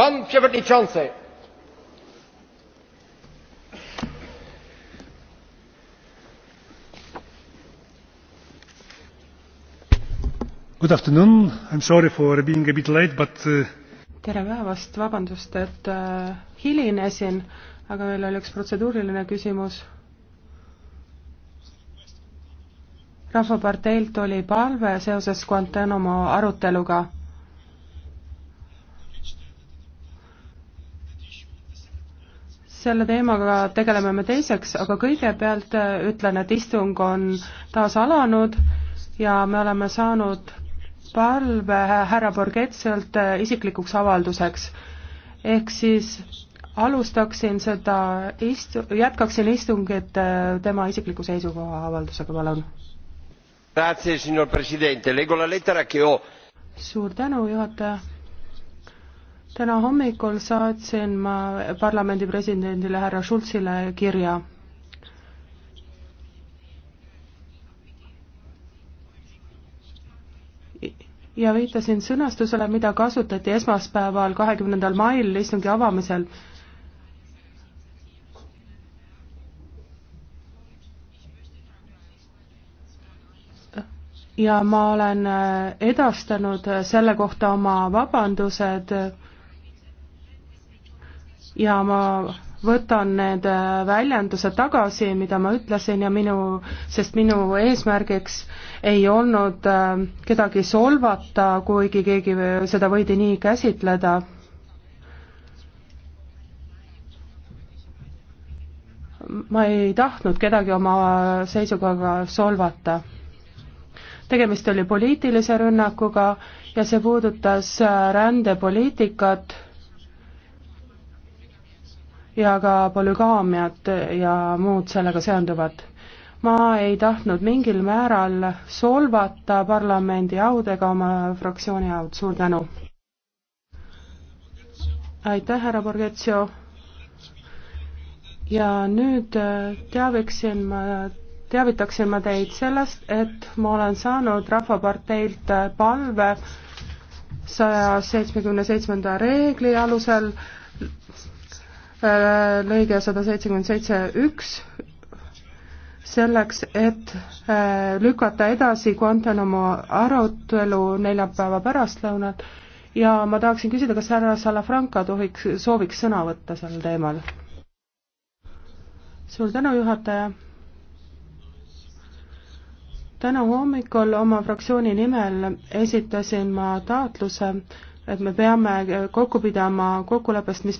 Pan przewodniczący. Good afternoon. I'm sorry for being a bit late, but uh... tere päevast, vabandust, et äh, hilinesin, aga meil oli üks protseduuriline küsimus. rahvaparteilt oli palve seoses Guantanamo aruteluga selle teemaga tegeleme me teiseks, aga kõigepealt äh, ütlen, et istung on taas alanud ja me oleme saanud palve härra Borgetselt äh, isiklikuks avalduseks. ehk siis alustaksin seda istu-, jätkaksin istungit äh, tema isikliku seisukoha avaldusega, palun. suur tänu, juhataja täna hommikul saatsin ma parlamendi presidendile härra Schulzile kirja. ja viitasin sõnastusele, mida kasutati esmaspäeval, kahekümnendal mail istungi avamisel ja ma olen edastanud selle kohta oma vabandused ja ma võtan need väljendused tagasi, mida ma ütlesin ja minu, sest minu eesmärgiks ei olnud äh, kedagi solvata, kuigi keegi seda võidi nii käsitleda. ma ei tahtnud kedagi oma seisukohaga solvata. tegemist oli poliitilise rünnakuga ja see puudutas äh, rändepoliitikat ja ka polügaamiat ja muud sellega seonduvat. ma ei tahtnud mingil määral solvata parlamendi aud ega oma fraktsiooni aud, suur tänu! aitäh, härra Borgetsio! ja nüüd äh, teaviksin ma, teavitaksin ma teid sellest, et ma olen saanud Rahvaparteilt äh, palve saja seitsmekümne seitsmenda reegli alusel Äh, lõige sada seitsekümmend seitse üks, selleks, et äh, lükata edasi Guantanamo arutelu neljapäeva pärastlõunal ja ma tahaksin küsida, kas härra Salafranca tohiks, sooviks sõna võtta sel teemal? suur tänu, juhataja! täna hommikul oma fraktsiooni nimel esitasin ma taotluse, et me peame kokku pidama kokkuleppest, mis